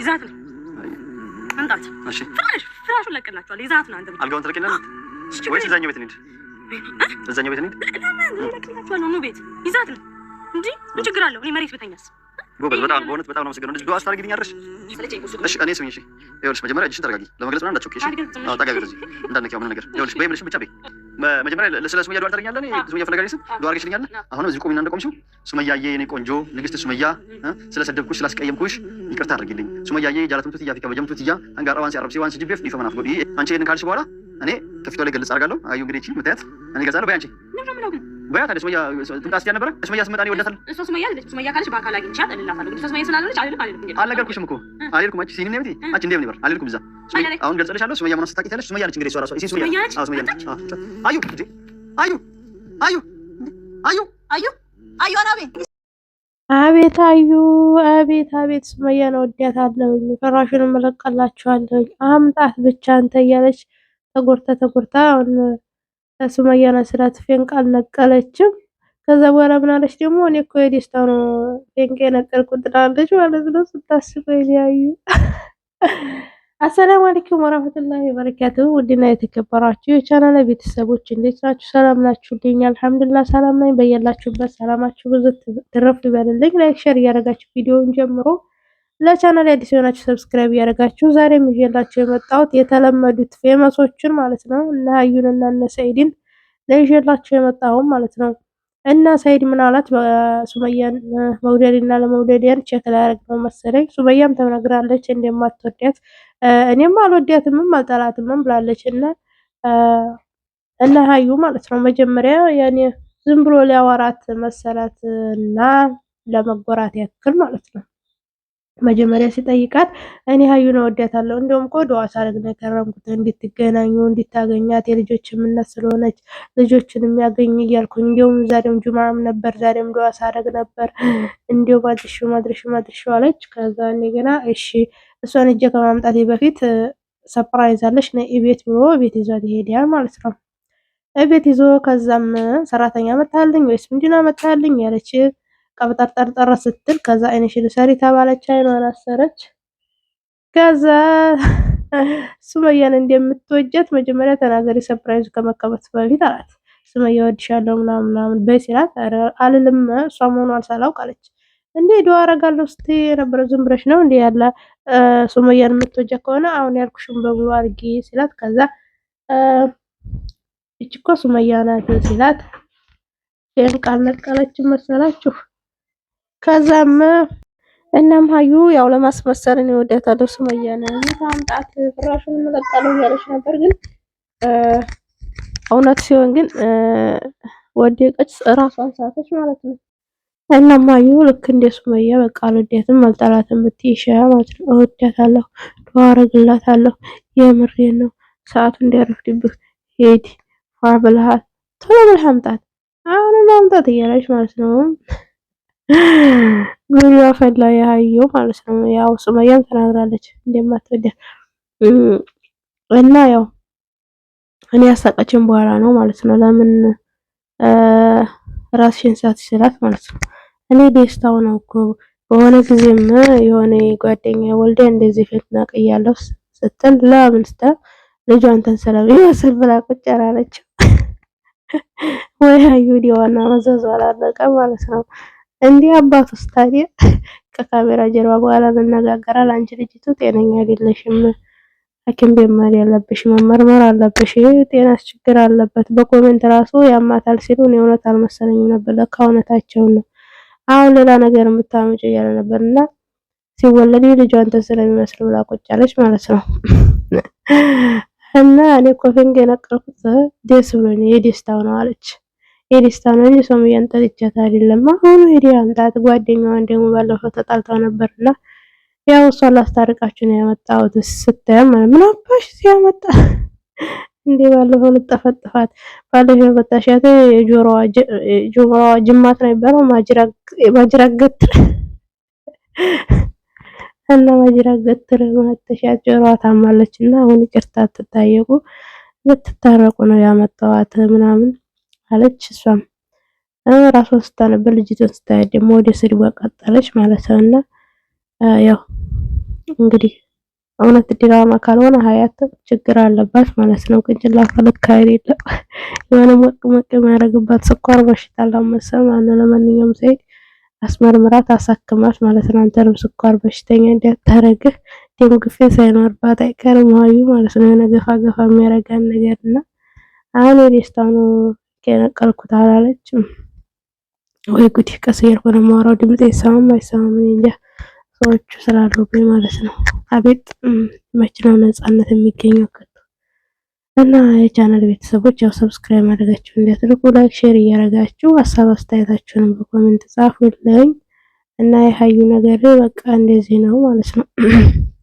ይዛት ነው አምጣት። እሺ፣ ፍራሽ ፍራሹን ለቅላችኋል። ይዛት ነው አንተ አልጋውን ትለቅልናለህ ወይስ እዛኛው ቤት እንሂድ? እዛኛው ቤት እንሂድ። ለቅላችኋል ነው ቤት ይዛት ነው እንጂ ምን ችግር አለው? እኔ መሬት ብተኛስ? ጎበዝ፣ በጣም በእውነት በጣም ነው የማመሰግነው። እንደዚህ ዱዐ አስታርጊልኛለሽ። እሺ፣ እኔ ስሚኝ። እሺ፣ ይኸውልሽ መጀመሪያ እጅሽን ተረጋጊ። ለመግለጽ ምናምን እንዳትቸኩ። እሺ፣ አዎ፣ ጠጋ በይ። እንደዚህ እንዳትነኪያው ነገር። ይኸውልሽ በይ፣ የምልሽን ብቻ በይ መጀመሪያ ስለ ሱመያ ዱዓ ታደርግልኛለህ? ሱመያ ፈለጋኝ ስል ዱዓ አድርገሽልኛለህ? አሁንም እዚህ ቆሚና እንደቆምሽው ሱመያዬ፣ የኔ ቆንጆ ንግስት ሱመያ፣ ስለሰደብኩሽ ስላስቀየምኩሽ ይቅርታ አድርጊልኝ ሱመያዬ። ጃለትም ቱትያ ፊካ በጀም ቱትያ አንጋራ ዋንስ ያረብሲ ዋንስ ጅቤፍ ዲፈ ምናፍ አንቺ ይሄንን ካልሽ በኋላ እኔ ከፊቷ ላይ ገልጽ አድርጋለሁ። አዩ እንግዲህ እቺ ምታያት እኔ ገልጻለሁ። በይ አንቺ ወያ ታዲያ ሱመያ ትምጣ ስትይ አልነበረ? ሱመያ ስመጣ ነው ይወዳታል። እሱ ሱመያ አይደለች። ሱመያ ካለች በአካል አግኝቻት እልላታለሁ። እሱ ሱመያ ስላልሆነች አይደለም አይደለም እንዴ? አልነገርኩሽም እኮ አልልኩም። አንቺ ሲኒም ነብቲ አንቺ እንዴም ነበር አልልኩም። እዛ አሁን ገልጸልሻለሁ። ሱመያ ምናምን ስታውቂ ታለች። ሱመያ ነች እንግዲህ እሷ እሺ ሱመያ ነች። አዎ ሱመያ ነች። አዩ አዩ አዩ አዩ አዩ አዩ አናቤ አቤት አዩ አቤት አቤት ሱመያን ወዳታለሁኝ። ፍራሹን መለቀላችኋለሁኝ። አምጣት ብቻ አንተ እያለች ተጎርታ ተጎርታ አሁን ሱመያ ናት ስላት ፌንቃል ነቀለችም። ከዛ በኋላ ምናለች ደግሞ እኔ እኮ የደስታ ነው ፌንቃ የነቀልኩት ትላለች ማለት ነው። ስታስበው ይለያዩ። አሰላሙ አለይኩም ወራህመቱላሂ ወበረካቱሁ። ውድና የተከበራችሁ የቻናል ቤተሰቦች እንዴት ናችሁ? ሰላም ናችሁ? ልኝ አልሐምዱሊላህ ሰላም ነኝ። በያላችሁበት ሰላማችሁ ብዙ ትረፍ ይበልልኝ። ላይክ ሼር እያደረጋችሁ ቪዲዮውን ጀምሮ ለቻናል አዲስ የሆናችሁ ሰብስክራይብ እያደረጋችሁ ዛሬም ይዤላችሁ የመጣሁት የተለመዱት ፌመሶችን ማለት ነው እነ ሀዩን እና እነ ሰኢድን ለይዤላችሁ የመጣሁም ማለት ነው። እና ሰይድ ምን አላት ሱመያን መውደድና ለመውደድያን ቼክ ላያደርግ ነው መሰለኝ። ሱመያም ተናግራለች እንደማትወዳት እኔም አልወዳትምም አልጠላትምም ብላለች። እና እነ ሀዩ ማለት ነው መጀመሪያ ያኔ ዝም ብሎ ሊያወራት እና ለመጎራት ያክል ማለት ነው መጀመሪያ ሲጠይቃት እኔ ሀዩን እወዳታለሁ እንደውም እኮ ዱዓ ሳረግ ነው የከረምኩት እንድትገናኙ እንድታገኛት የልጆች እናት ስለሆነች ልጆችን የሚያገኝ እያልኩኝ እንዲሁም ዛሬም ጁማም ነበር ዛሬም ዱዓ ሳረግ ነበር እንዲሁም አድርሹ ማድርሹ ማድርሹ አለች። ከዛ እኔ ገና እሺ እሷን እጀ ከማምጣቴ በፊት ሰፕራይዝ አለች ነ ቤት ብሎ ቤት ይዟት ይሄዳል ማለት ነው። ቤት ይዞ ከዛም ሰራተኛ መታልኝ ወይስ ምንድን መታልኝ ያለች ቀብጠርጠርጠር ስትል ከዛ አይንሽን ሰሪ ተባለች። አይኗን አሰረች። ከዛ ሱመያን እንደምትወጀት መጀመሪያ ተናገሪ፣ ሰፕራይዙ ከመከበት በፊት አላት። ሱመያ ወድሻለሁ ምናምን ምናምን በይ ሲላት አልልም እሷ መሆኗን ሳላውቅ አለች። እንዴ ዱዓ አረጋለሁ ስቲ የነበረው ዝም ብለሽ ነው እንዴ ያለ ሱመያን የምትወጀ ከሆነ አሁን ያልኩሽም በሙሉ አርጊ ሲላት ከዛ እቺ እኮ ሱመያ ናት ሲላት ይሄን ቃል ነቀለች መሰላችሁ። ከዛም እናም ሀዩ ያው ለማስመሰል ነው ወዳታለሁ ሱመያን ታምጣት ፍራሹን እንለቃለሁ እያለች ነበር። ግን እውነት ሲሆን ግን ወደቀች፣ ራሷን ሳተች ማለት ነው። እናም ሀዩ ልክ እንደ ሱመያ በቃ አልወዳትም አልጠላትም ብትይሻ ማለት ነው። እወዳታለሁ፣ ዱዓ አረግላታለሁ፣ የምሬ ነው። ሰዓቱ እንዲያረፍድብህ ሄድ ፋብልሃት ቶሎ ብለህ አምጣት፣ አሁን አምጣት እያለች ማለት ነው። ጉሪ ፈላ ያየው ማለት ነው። ያው ሱመያም ተናግራለች እንደማትወደ እና ያው እኔ ያሳቀችን በኋላ ነው ማለት ነው። ለምን ራስሽን ሳትችላት ማለት ነው። እኔ ደስታው ነው እኮ በሆነ ጊዜም የሆነ ጓደኛ ወልደ እንደዚህ ፊትና ቀያለው ስትል ለምን ስትል ልጇ አንተን ስለሚመስል ብላ ቁጭ አላለችም ወይ? አዩ ዲዋና መዘዟ አላለቀ ማለት ነው። እንዲህ አባቱ ስታዲያ ከካሜራ ጀርባ በኋላ መነጋገራል። አንቺ ልጅቱ ጤነኛ አይደለሽም፣ ሐኪም ቤት ያለብሽ መመርመር አለብሽ፣ ጤናሽ ችግር አለበት። በኮሜንት ራሱ ያማታል ሲሉ እኔ እውነት አልመሰለኝም ነበር። ለካ እውነታቸውን ነው። አሁን ሌላ ነገር የምታመጪው እያለ ነበር እና ሲወለድ ልጇ እንትን ስለሚመስል ብላ ቁጭ ማለት ነው። እና እኔ ኮፈንግ የነቀልኩት ደስ ብሎኝ የደስታው ነው አለች። የደስታ ነው እንጂ ሱመያን ጠልቻት አይደለም። አሁኑ ሄዲ አምጣት። ጓደኛዋን ደግሞ ባለፈው ተጣልተው ነበርና ያው እሷ ላስታርቃችሁ ነው ያመጣሁት ስትያ ማለት ምን አባሽ ሲያመጣ እንዴ ባለፈው ልጠፈጥፋት ባለፈው በታሻት ጆሮዋ ጅማት ነው የሚባለው ማጅራት ገትር እና ማጅራት ገትር ማተሻት ጆሮዋ ታማለች እና አሁን ይቅርታ ትታየቁ ልትታረቁ ነው ያመጣዋት ምናምን አለች። እሷም ራሷን ስታነበር ልጅቷን ስታያት ደግሞ ወደ ስድቡ አቃጠለች ማለት ነው። እና ያው እንግዲህ እውነት ድራማ ካልሆነ ሀያት ችግር አለባት ማለት ነው። ቅንጭላቷ ልክ አይደለም። የሆነ ሞቅ ሞቅ የሚያደርግባት ስኳር በሽታ አላመሰም አለ። ለማንኛውም ሰይድ አስመርምራት አሳክማት ማለት ነው። አንተንም ስኳር በሽተኛ እንዲያታረግህ ደም ግፊት ሳይኖርባት አይቀርም ሀዩ ማለት ነው። የሆነ ገፋ ገፋ የሚያደርጋን ነገር እና አሁን የደስታ ነው የነቀልኩት አላለችም ወይ ጉድ! ቀስየር ሆነ ማውራው ድምጽ ይሰማም አይሰማም እንጃ። ሰዎቹ ግን ማለት ነው። አቤት መች ነው ነጻነት የሚገኘው? ከቶ እና የቻናል ቤተሰቦች ያው ሰብስክራይብ ማድረጋችሁ እንዲያትልቁ ላይክ፣ ሼር እያደረጋችሁ ሀሳብ አስተያየታችሁንም በኮሜንት ጻፉልኝ እና የሀዩ ነገር በቃ እንደዚህ ነው ማለት ነው።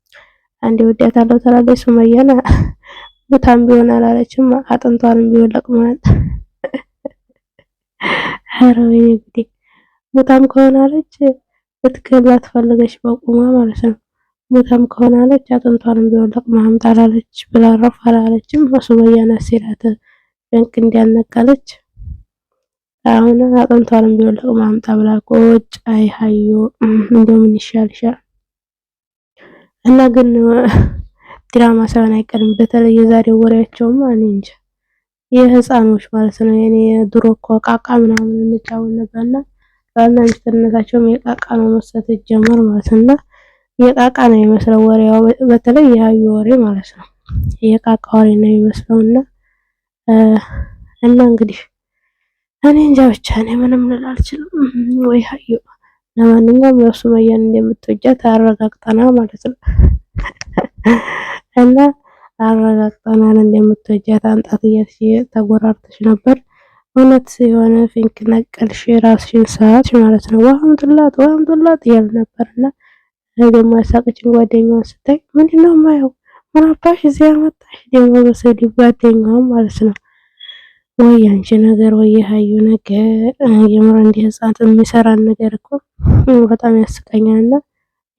አንዴ ውዳት አለው ተላለች ሱመያን ሙታም ቢሆን አላለችም አጥንቷንም ቢሆን ለቅመናል። ኧረ ወይኔ ጉዴ! ሞታም ከሆነ አለች ልትገላት ፈልገች በቁማ ማለት ነው። ሞታም ከሆነ አለች አጥንቷንም ቢሆን ለቅማም ጣላለች ብላ ረፍ አላለችም። ሱመያን አሴራት ደንቅ እንዲያነቀለች አሁን አጥንቷንም ቢሆን ለቅማም ጣብላ ቆጭ አይ ሀዮ እንደው ምን ይሻልሻል? እና ግን ድራማ ሳይሆን አይቀርም። በተለይ የዛሬው ወሬያቸውማ እኔ እንጃ የህፃኖች ማለት ነው። የኔ የድሮ እኮ ቃቃ ምናምን እንጫወት ነበርና ባልና ሚስትነታቸውም የቃቃ ነው መሰት ጀመር ማለት እና የቃቃ ነው የሚመስለው ወሬ፣ በተለይ የሀዩ ወሬ ማለት ነው የቃቃ ወሬ ነው የሚመስለው እና እና እንግዲህ እኔ እንጃ ብቻ እኔ ምንም ልል አልችልም። ወይ ሀዩ ለማንኛውም ያው ሱመያን እንደምትወጃት አረጋግጠናል ማለት ነው። አረጋግጠናል። እንደምትወጃት አንጣት እያልሽ ተጎራርተሽ ነበር። እውነት የሆነ ፊንክ ነቀልሽ ራስሽን ሰዓት ማለት ነው። ዋህም ጥላት ዋህም ጥላት እያሉ ነበርና ደግሞ ያሳቀችን ጓደኛዋን ስታይ ምንድነው ማየው ምናባሽ እዚያ መጣሽ ደግሞ በሰዲ ጓደኛዋን ማለት ነው። ወይ አንቺ ነገር ወይ የሀዩ ነገር የምር እንዲህ ህጻን የሚሰራን ነገር እኮ በጣም ያስቀኛልና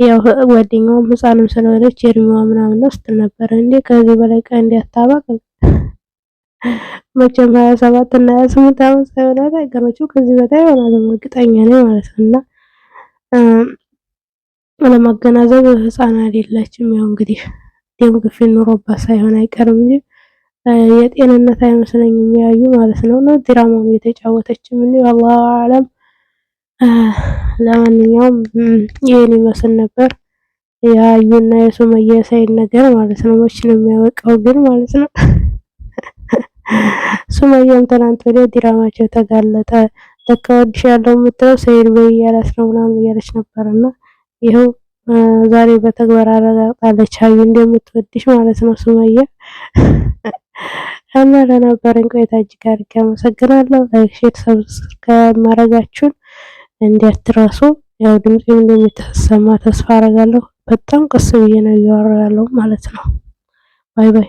ያው ጓደኛውም ህፃንም ስለሆነች የእድሜዋ ምናምን ነው ስትል ነበረ። እንዴ ከዚህ በላይ ቀን እንዲያታባቅ መቼም ሀያ ሰባት እና ሀያ ስምንት ዓመት ሳይሆናት አይቀረችው ከዚህ በላይ ይሆናል እርግጠኛ ነኝ ማለት ነው። እና ለማገናዘብ ህፃን አይደለችም። ያው እንግዲህ ደም ግፊት ኑሮባት ሳይሆን አይቀርም እንጂ የጤንነት አይመስለኝም ያዩ ማለት ነው። ነው ድራማ እየተጫወተችም የተጫወተችም እንዴ አላህ አለም ለማንኛውም ይህን ይመስል ነበር የሀዩና የሱመያ ሳይድ ነገር ማለት ነው። መች ነው የሚያበቃው ግን ማለት ነው። ሱመያም ትናንት ወደ ዲራማቸው ተጋለጠ። ለካ ወድሻለሁ የምትለው ሰይድ በይ እያላት ነው ምናምን እያለች ነበርና ይኸው ዛሬ በተግባር አረጋግጣለች አዩ እንደምትወድሽ ማለት ነው ሱመያ እና ለነበረን ቆይታ እጅግ አድርጌ አመሰግናለሁ። ላይክ፣ ሼር፣ ሰብስክራይብ ማድረጋችሁን እንዲያትራሱ ያው ድምጽ እንደሚተሰማ ተስፋ አረጋለሁ። በጣም ቀስ ብዬ ነው እያወራ ያለው ማለት ነው። ባይ ባይ።